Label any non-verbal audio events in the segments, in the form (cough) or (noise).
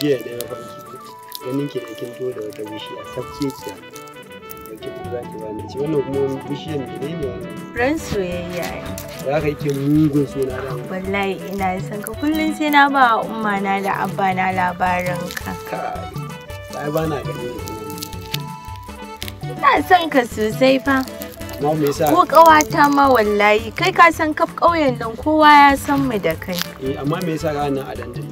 Jiya da ya faɗi ganin ki da kin da wata bishiya sabce ki da ki za ki bani ce wannan kuma bishiyan da ne wannan. Ran soyayya ne. Za ka yi mugun suna da. Wallahi ina son ka kullum sai na ba umma na da abba na labarin ka. Kai. Ai ba na gani ne. Ina son ka sosai fa. Ko ƙawata ma wallahi kai ka san kaf ƙauyen nan kowa ya san mu da kai. Eh amma me yasa ka nan a dandali?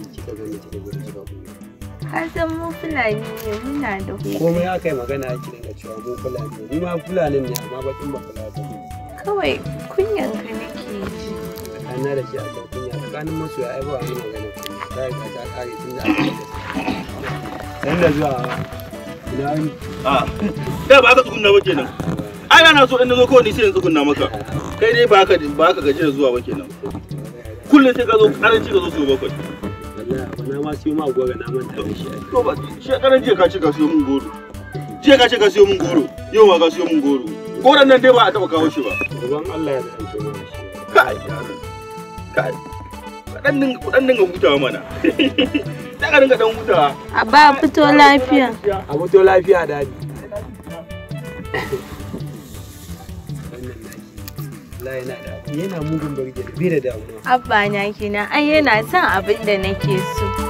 Ka san mu Fulani ne muna da hutu. Komai aka yi magana ake dinga cewa mu Fulani ne. ma Fulani ne amma bakin ba Fulani ne. Kawai kunyan ka nake ji. Tsakanin da shi a kan kunya tsakanin masoya ai ba wani magana. Za ka ta kare tun da aka yi. Dan da zuwa ina ni. Ah. Da ba ka tsugunna ba kenan. Ai ana so in na zo kawai ni sai in tsukunna maka. Kai dai ba ka ba ka gaji da zuwa ba kenan. Kullum sai ka zo karanci ka zo su bakwai. wallahi ma ma na manta da shi to ba shekaran jiya ka ce ka siyo min goro jiya ka ce ka siyo goro yau ma ka siyo goro goron nan dai ba a taba kawo shi ba ruwan Allah ya shi kai kai kaɗan dinga hutawa mana dinga hutawa a fito lafiya a fito lafiya dadi wallahi yana da yana mugun barge da damuwa abba na kina ai yana son abin da nake so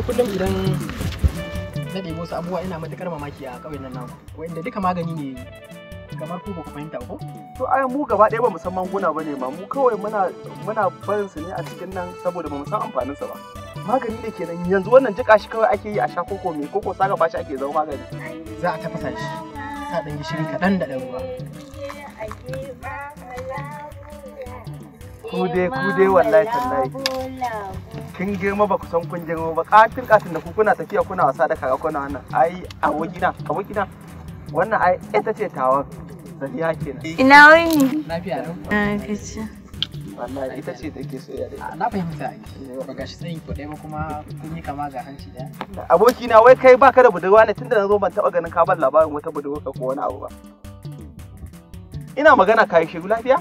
har kullum idan na ɗebo wasu abubuwa ina matukar mamaki a ƙauyen nan naku wanda duka magani ne kamar ku ba ku fahimta ko to ai mu gaba ɗaya ba mu san manguna ba ne ma mu kawai muna muna barin su ne a cikin nan saboda ba mu san amfanin sa ba magani ne kenan yanzu wannan jika shi kawai ake yi a sha koko me koko saka bashi ake zama magani za a tafasa shi sa ɗan gishiri kaɗan da ɗan ruwa ku dai ku dai wallahi tallahi kin girma ba ku san kun girma ba katin katin da ku kuna tafiya kuna wasa da kaga kuna wannan ai abokina abokina wannan ai ita ce tawa zariya kenan ina wani lafiya lau lafiya wallahi ita ce take soya da na fahimta ba gashi ko ku ba kuma kun yi kama ga hanci da aboki na wai kai baka da budurwa ne tunda na zo ban taba ganin ka ban labarin wata budurwa ko wani abu ba ina magana kai shi lafiya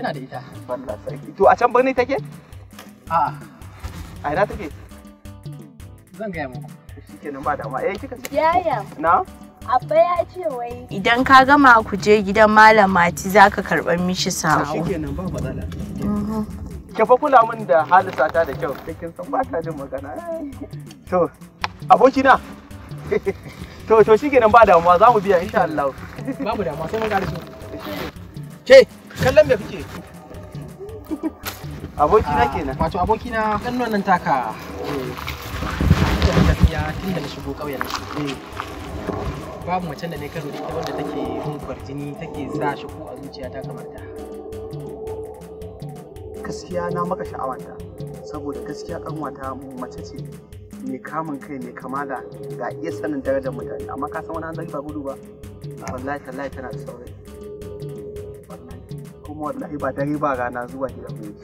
ina da ita wallahi sai to a can birni take a'a ah. a ina take zan gaya muku shikenan ba dama eh kika yaya na abba ya ce wai idan ka gama ku je gidan malam mati za ka karɓar mishi sawo nan ba matsala mhm. ke fa kula min da halisa ta da kyau kin san ba ta jin magana to aboki na to to shikenan ba damuwa za mu biya insha Allah babu damuwa sai mun ga da shi ke kallon me kuke? aboki na ah, kenan wato aboki na dan nan taka tun da tafiya tun da na shigo ƙauyen eh. babu macen da ne karo da ita wanda take yin kwarjini take sa shi ko a zuciyata kamar ta gaskiya na maka sha'awanta saboda gaskiya kanwata mace ce mai kamun kai mai kamala ga iya sanin darajar mutane amma ka san wani hanzari ba gudu ba wallahi tallahi tana da saurayi kuma wallahi ba dare ba rana zuwa gidan mai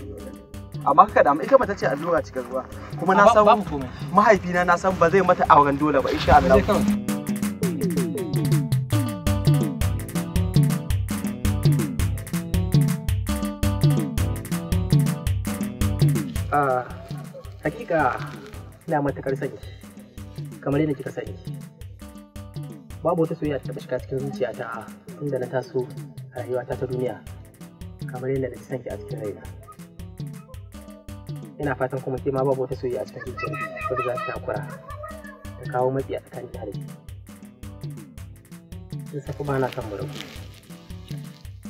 amma haka da ita mata ce allura cikin ruwa kuma na san mahaifina na san ba zai mata auren dole ba insha Allah ah, hakika ina matakar sani kamar yadda kika sani babu wata soyayya ta shiga cikin zuciyata inda na taso rayuwata ta duniya kamar yadda na ki a cikin raina ina fatan kuma ke ma babu wata soyayya a cikin zuciya wata za ta takura ta kawo matsi a tsakanin tare sun safi ba na san mu rabu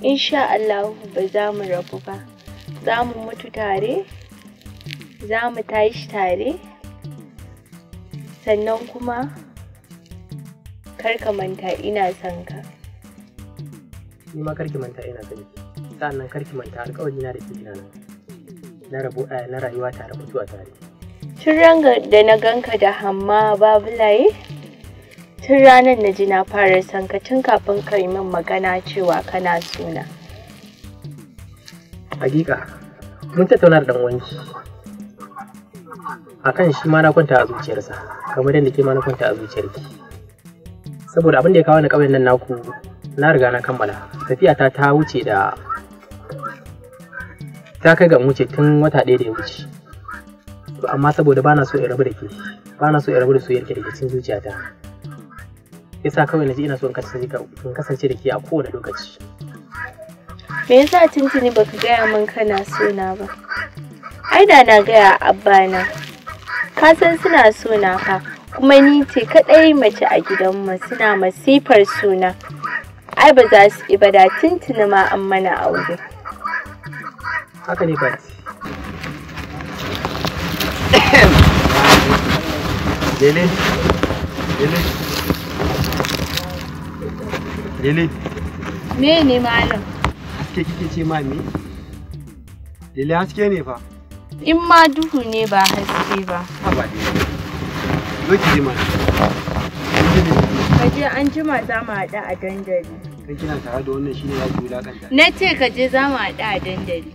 insha Allah ba za mu rabu ba za mu mutu tare za mu tashi tare sannan kuma kar ka manta ina son ka ni ma karki manta ina son ki sannan karki manta alƙawari na da ke nan Eh, na rayuwa tare mutuwa tare tun ranga da na ganka da hamma babulaye tun ranar na ji na fara sanka, ka tun kafin ka yi min magana cewa kana suna hakika mun tattauna da wanki kan shi ma na kwanta a zuciyarsa kamar yadda ke ma na kwanta a zuciyarki saboda abin da ya kawo ni kawai nan naku na riga na kammala tafiya ta wuce da ta kai ga wuce tun wata ɗaya da ya wuce to amma saboda bana so in rabu da ke bana so in rabu da soyayyar da ke cikin zuciyata yasa kawai naji ina so in kasance da ke a kowane lokaci me yasa tuntuni baka gaya min kana so na ba ai da na gaya abbana ka san suna so na kuma ni ce kadai mace a gidanmu suna masifar suna ai ba za su iba da tuntuni ma an mana aure haka ne fati lele lele lele me ne malam haske kike ce ma me lele haske ne fa in ma duhu ne ba haske ba Ha ba dai. zo ki ji mana ka je an jima za mu haɗu a dandali kai kina tare da wannan shine za ki wulakanta na ce kaje za mu haɗu a dandali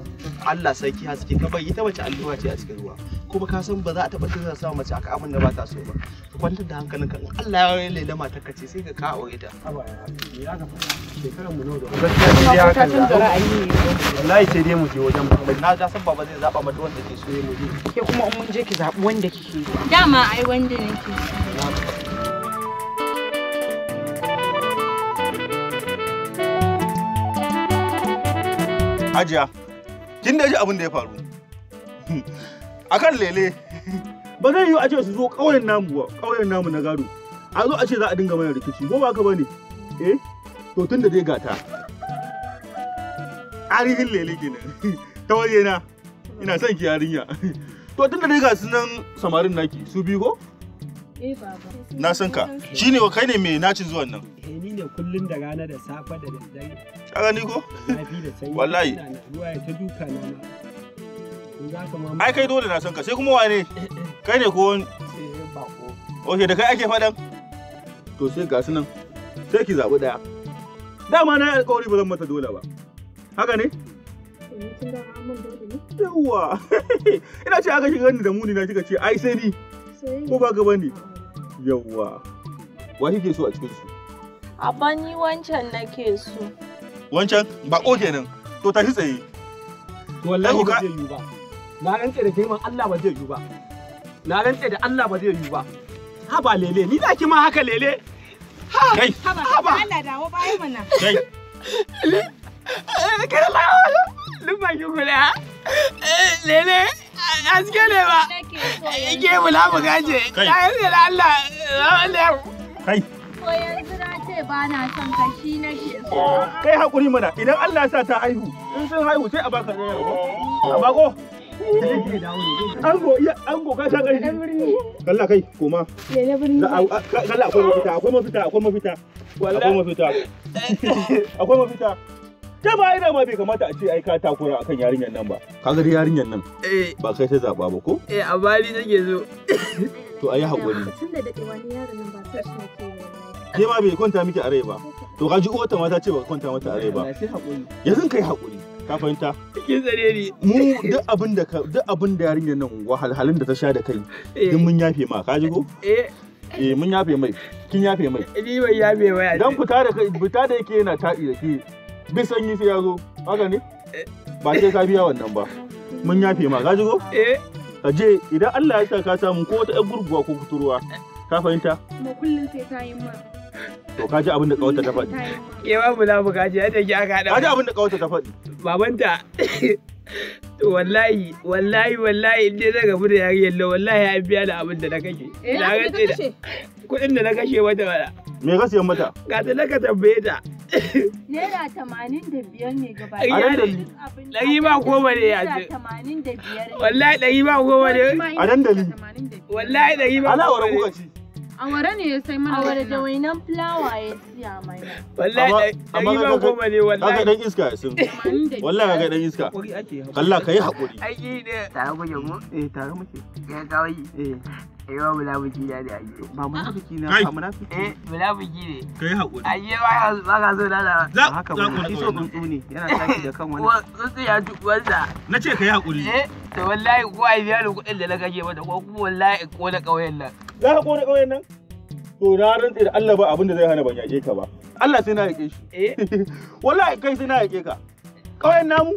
Allah sarki haske ka bai ita mace alluwa ce a cikin ruwa kuma ka san ba za a taba tunzar sa mace aka abin da ba ta so ba ka kwantar da hankalinka in Allah ya wani laila matar ka ce sai ka kawo ita shekaran mu nawa da gaskiya ya kan da ra'ayi wallahi sai dai mu je wajen ba na ga san baba zai zaba mata wanda ke so ya mu je ke kuma in mun je ki zabi wanda kike dama ai wanda nake so Hajiya, kin da ji abin da ya faru akan lele ba zai yi a ce su zo ƙauyen namu ba ƙauyen namu na gado a zo a ce za a dinga mana rikici ko ba ka bane eh to tun da dai gata arihin lele kenan (laughs) ta waje na ina son ki yarinya (laughs) to tun da dai ga sunan nan samarin naki su biyu ko Eh, na san ka. Shi ne kai ne mai nacin zuwan nan. Eh, ni ne kullum da rana da safe da daddare. Ka gani ko? Wallahi. Ruwa ya ta duka na Ai kai dole na san ka sai kuma wane? Kai ne ko wani? Eh, da kai ake faɗan? To sai ga su nan. Sai ki zaɓi ɗaya. Dama na yi alƙawari ba zan mata dole ba. Haka ne? Yawwa! (laughs) Ina ce aka shiga ni da muni na kika ce ai sai ni. Ko ba gaba ne? yawwa wa kike so a cikin su a ni wancan nake so wancan ba ko kenan to tashi tsaye to wallahi ba zai yiwu ba na rantse da girman Allah ba zai yiwu ba na rantse da Allah ba zai yiwu ba ha ba lele ni zaki ma haka lele ha kai ha ba Allah dawo bayan mana kai eh, kai Allah lumma ki kula eh, lele aske ne ba Ke bula mu gaje. Kai. Allah. Kai. Ko yanzu ba na son ka shi nake Kai hakuri mana idan Allah sa ta haihu in sun haihu sai a baka ne. A bako. Ango iya ango ka kai. Allah kai koma. Lele birni. akwai mafita akwai mafita akwai mafita. Akwai mafita. Akwai mafita. (laughs) ta ba ina ma bai kamata a ce ai ka takura akan yarinyar nan ba kaga dai yarinyar nan eh. ba kai ta zaba ba ko eh a bari nake zo (laughs) to ayi hakuri tun da dadewa ne yaron nan ba sai shi ke ke ma bai kwanta miki a rai ba to kaji uwarta ma ta ce ba kwanta mata a rai ba eh, yanzu kai hakuri ka fahimta ke zare ni mu duk abin da duk abin da yarinyar nan wahalhalun da ta sha da kai eh. duk mun yafe ma ka ji ko eh eh mun yafe mai kin yafe mai ni bai yafe mai dan fita da fita da yake yana tadi da ke bi sanyi sai ya zo haka ne ba sai ka biya wannan ba mun yafe ma ka jigo eh aje idan Allah ya sa ka samu ko wata 'yar gurguwa ko kuturwa ka fahimta mu kullun sai ta yi ma to ka ji abin da kawata ta faɗi ke ba mu za ka kaji yadda take aka haɗa ka ji abin da kawata ta faɗi babanta to wallahi wallahi wallahi in dai zaka da yariyar la wallahi ya biya da abin da na kashe eh, na kashe kudin kuɗin da na kashe mata wala. me ka siyan mata ga ta ka tambaye ta Naira tamanin da biyar ne ɗari ba ne. Wallahi ɗari ba ne. Awara ne ya sai mana. Awara da wainan fulawa ya siya mana Wallahi ɗari ba goma ne wallahi. Kaga iska ya sun. Wallahi kaga ɗan iska. Kalla ka yi ne. mu? Eh muke. Ya Eh. yawa mulafiki na ne ayye ba mulafiki na ba mulafiki eh mulafiki ne kai hakuri ayye ba ba ka so za ba shi so tsuntsu ne yana taki da kan wani tsuntsu ya ji uwarsa na ce kai hakuri eh to wallahi ko ai biya da kuɗin da na kashe mata ko kuma wallahi ko na ƙauyen nan za ka ƙona ƙauyen nan to na rantse da Allah ba abin da zai hana ban yaƙe ka ba Allah sai na yaƙe shi eh (laughs) wallahi kai sai na yaƙe ka ƙauyen namu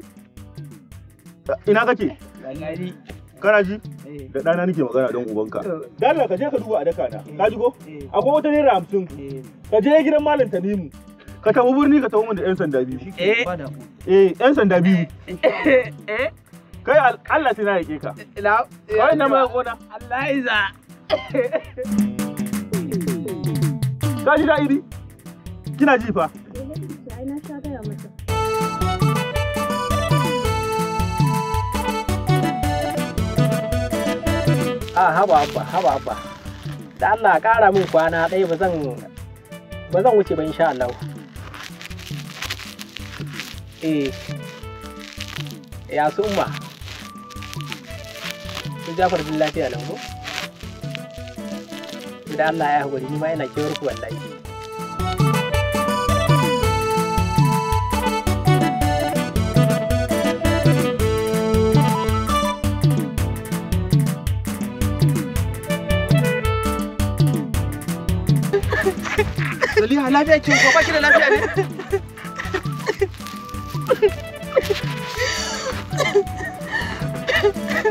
ina kake wallahi kana ji eh. da ɗana nake magana don ubanka dalila ka je ka duba a daka na ka ji ko eh. akwai wata naira hamsin eh. ka je gidan malam tanimu ka tafi birni ka tafi mun da yan sanda biyu eh yan sanda biyu kai Allah sai na yake ka kawai na ma gona Allah iza. ka ji da iri kina ji fa a haba abba haba abba da Allah ƙara min kwana ɗaya ba zan ba zan wuce ba insha Allah eh ya su umma su jafar bin lafiya nan ko da Allah ya haƙuri ni ma ina kewar ku wallahi Zaliha lafiya ke ko baki da lafiya ne?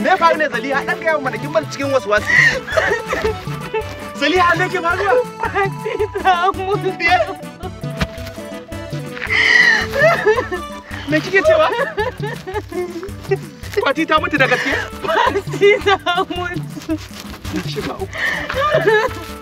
Me ya faru ne Zaliha dan ga mana kin bar cikin wasu wasu. Zaliha me ke faruwa? Ta Me kike cewa? Fati ta mutu da gaske? Fati ta mutu. Shi ba uku.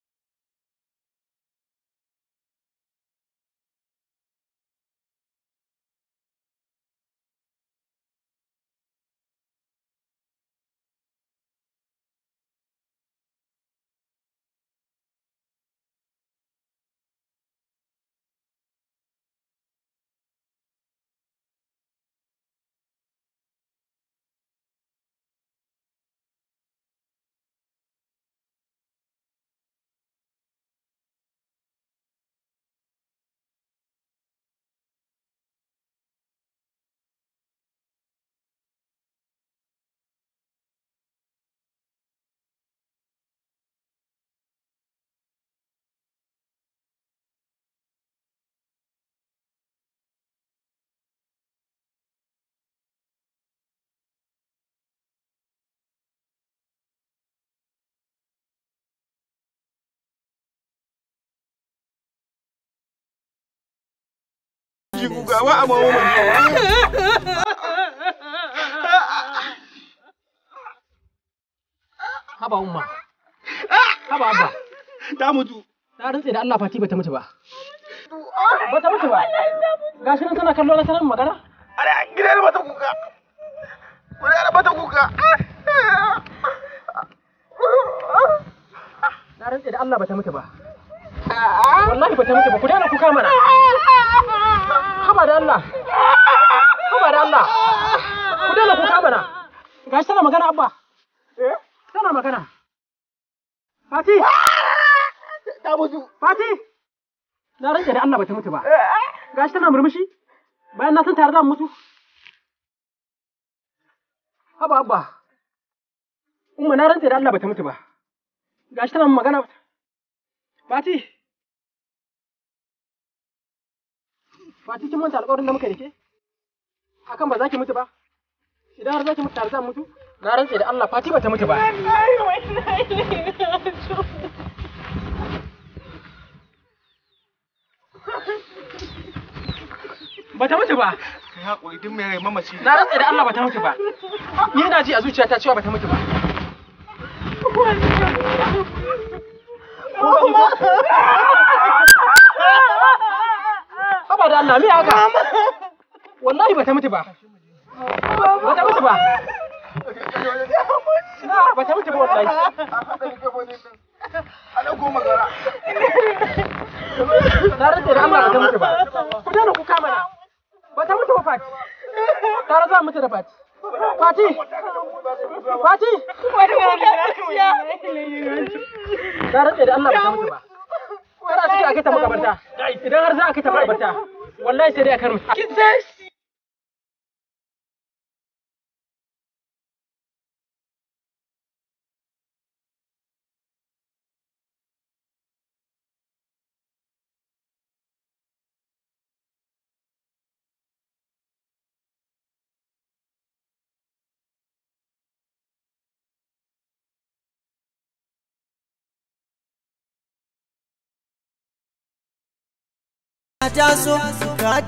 ji kuka wa a mawa Haba umma. Haba abba. Ta mutu. ta rantse da Allah fati bata mutu ba. Bata mutu ba. Gashi nan tana na magana. gidan bata kuka. Gidan bata kuka. da Allah bata mutu ba. Wallahi bata mutu ba ku kuka mana. haba da Allah haba da Allah ku dala ku kabana gashi tana magana abba eh tana magana Fati ta mutu Fati na rage da Allah ta mutu ba eh? Ga shi tana murmushi bayan na san tare za mu mutu haba abba umma na rantse da Allah ta mutu ba Ga shi tana magana Fati Ba cikin manta alƙawarin da muka da ke? Hakan ba za ki mutu ba? Idan har za ki mutu tare za mutu? Na rantse da Allah Fati ba ta mutu ba. Ba ta mutu ba. Kai haƙuri duk mai mamaci. Na rantse da Allah ba ta mutu ba. Ni ina ji a zuciyata cewa ba ta mutu ba. Oh, my God. haba da Allah me haka wallahi mutu ba ta mutu ba na ta mutu ba wallahi ana goma gara na rantsa da Allah bata mutu ba ku dana ku kama na mutu ba fati tare za mutu da fati Fati! Fati! Wani wani ya rantsa da Allah ta mutu ba. kada a fito a kai ta makabarta idan har za a kai ta makabarta wallahi sai dai a karmi kin sai taso